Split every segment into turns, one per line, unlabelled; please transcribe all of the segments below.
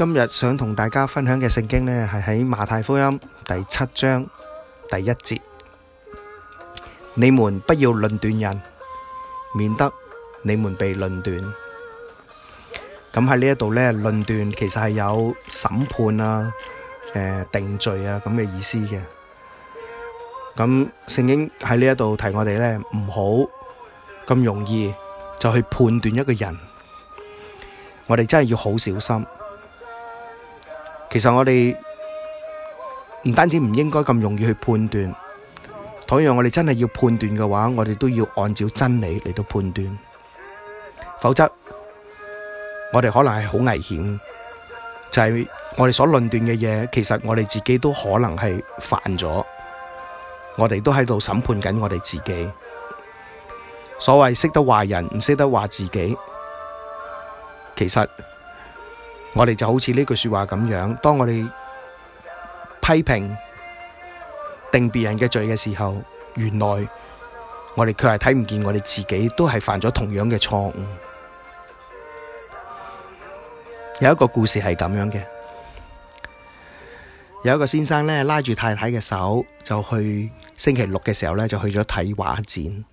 今日想同大家分享嘅聖經呢，係喺馬太福音第七章第一節。你們不要論斷人，免得你們被論斷。咁喺呢一度呢，論斷其實係有審判啊、誒定罪啊咁嘅意思嘅。咁聖經喺呢一度提我哋呢，唔好咁容易就去判斷一個人，我哋真係要好小心。其實我哋唔單止唔應該咁容易去判斷，同樣我哋真係要判斷嘅話，我哋都要按照真理嚟到判斷，否則我哋可能係好危險。就係、是、我哋所論斷嘅嘢，其實我哋自己都可能係犯咗，我哋都喺度審判緊我哋自己。所謂識得話人唔識得話自己，其實。我哋就好似呢句說話咁樣，當我哋批評定別人嘅罪嘅時候，原來我哋卻係睇唔見我哋自己都係犯咗同樣嘅錯誤。有一個故事係咁樣嘅，有一個先生呢，拉住太太嘅手，就去星期六嘅時候呢，就去咗睇畫展。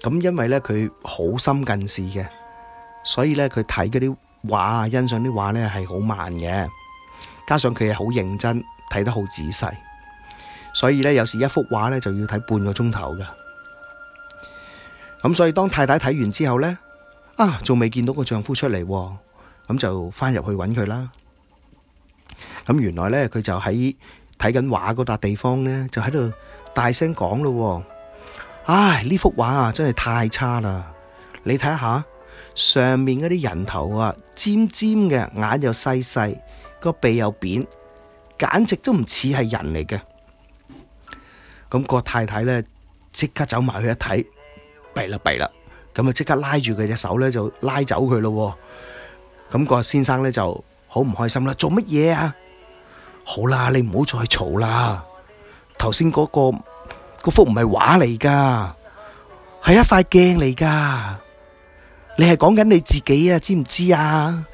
咁因為呢，佢好深近視嘅，所以呢，佢睇嗰啲。畫啊，欣賞啲畫咧，係好慢嘅，加上佢係好認真，睇得好仔細，所以咧，有時一幅畫咧就要睇半個鐘頭噶。咁所以當太太睇完之後咧，啊，仲未見到個丈夫出嚟，咁就翻入去揾佢啦。咁原來咧佢就喺睇緊畫嗰笪地方咧，就喺度大聲講咯，唉、啊，呢幅畫啊真係太差啦，你睇下。上面嗰啲人頭啊，尖尖嘅，眼又細細，個鼻又扁，簡直都唔似係人嚟嘅。咁個太太咧，即刻走埋去一睇，弊啦弊啦，咁啊即刻拉住佢隻手咧就拉走佢咯。咁個先生咧，就好唔開心啦，做乜嘢啊？好啦，你唔好再嘈啦。頭先嗰個嗰幅唔係畫嚟噶，係一塊鏡嚟噶。你係講緊你自己啊，知唔知啊？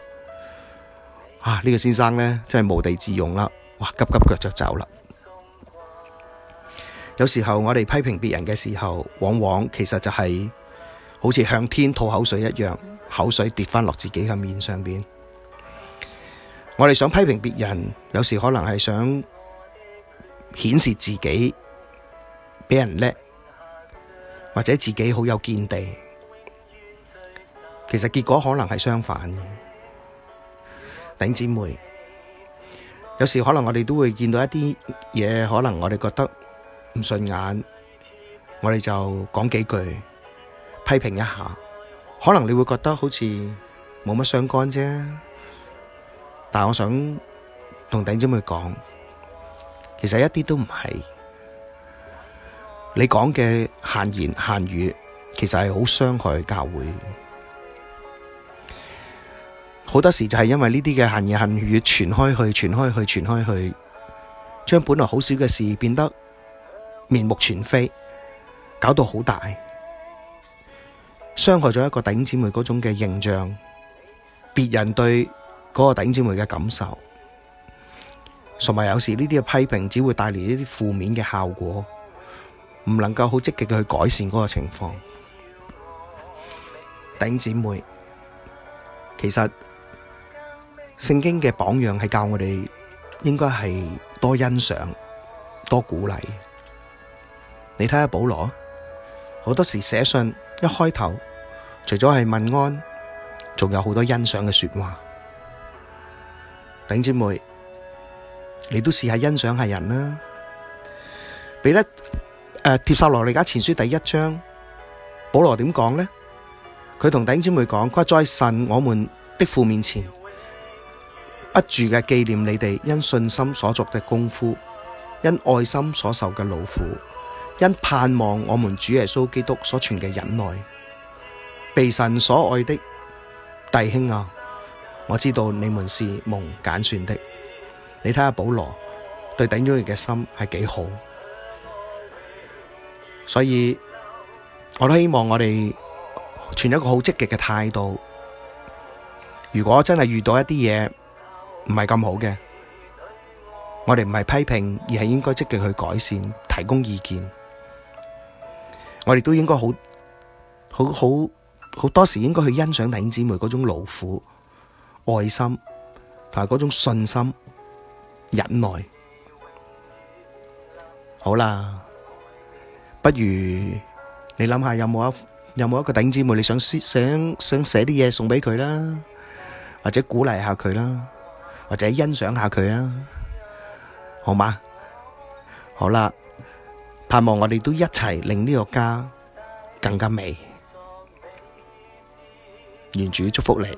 啊，呢個先生呢，真係無地自容啦！哇，急急腳就走啦。 有時候我哋批評別人嘅時候，往往其實就係好似向天吐口水一樣，口水跌返落自己嘅面上邊。我哋想批評別人，有時可能係想顯示自己畀人叻，或者自己好有見地。其實結果可能係相反嘅，頂姊妹，有時可能我哋都會見到一啲嘢，可能我哋覺得唔順眼，我哋就講幾句批評一下。可能你會覺得好似冇乜相干啫，但係我想同頂姊妹講，其實一啲都唔係，你講嘅閒言閒語，其實係好傷害教會。好多時就係因為呢啲嘅閒言閒語，傳開去、傳開去、傳開去，將本來好小嘅事變得面目全非，搞到好大，傷害咗一個弟兄姊妹嗰種嘅形象，別人對嗰個弟兄姊妹嘅感受，同埋有時呢啲嘅批評只會帶嚟呢啲負面嘅效果，唔能夠好積極去改善嗰個情況。弟兄姊妹，其實。聖經嘅榜樣係教我哋應該係多欣賞、多鼓勵。你睇下保羅，好多時寫信一開頭，除咗係問安，仲有好多欣賞嘅說話。弟兄姊妹，你都試下欣賞下人啦。譬如誒，帖撒羅尼迦前書第一章，保羅點講咧？佢同弟兄姊妹講，佢話，在神我們的父面前。不住嘅紀念你哋，因信心所作嘅功夫，因愛心所受嘅勞苦，因盼望我們主耶穌基督所存嘅忍耐，被神所愛的弟兄啊，我知道你們是蒙揀選的。你睇下、啊、保羅對頂人嘅心係幾好，所以我都希望我哋存一個好積極嘅態度。如果真係遇到一啲嘢，唔係咁好嘅，我哋唔係批評，而係應該積極去改善，提供意見。我哋都應該好好好好多時，應該去欣賞弟兄姊妹嗰種勞苦、愛心同埋嗰種信心、忍耐。好啦，不如你諗下有冇一有冇一個弟兄姊妹，你想想想寫啲嘢送畀佢啦，或者鼓勵下佢啦。或者欣賞下佢啊，好嗎？好啦，盼望我哋都一齊令呢個家更加美。願主祝福你。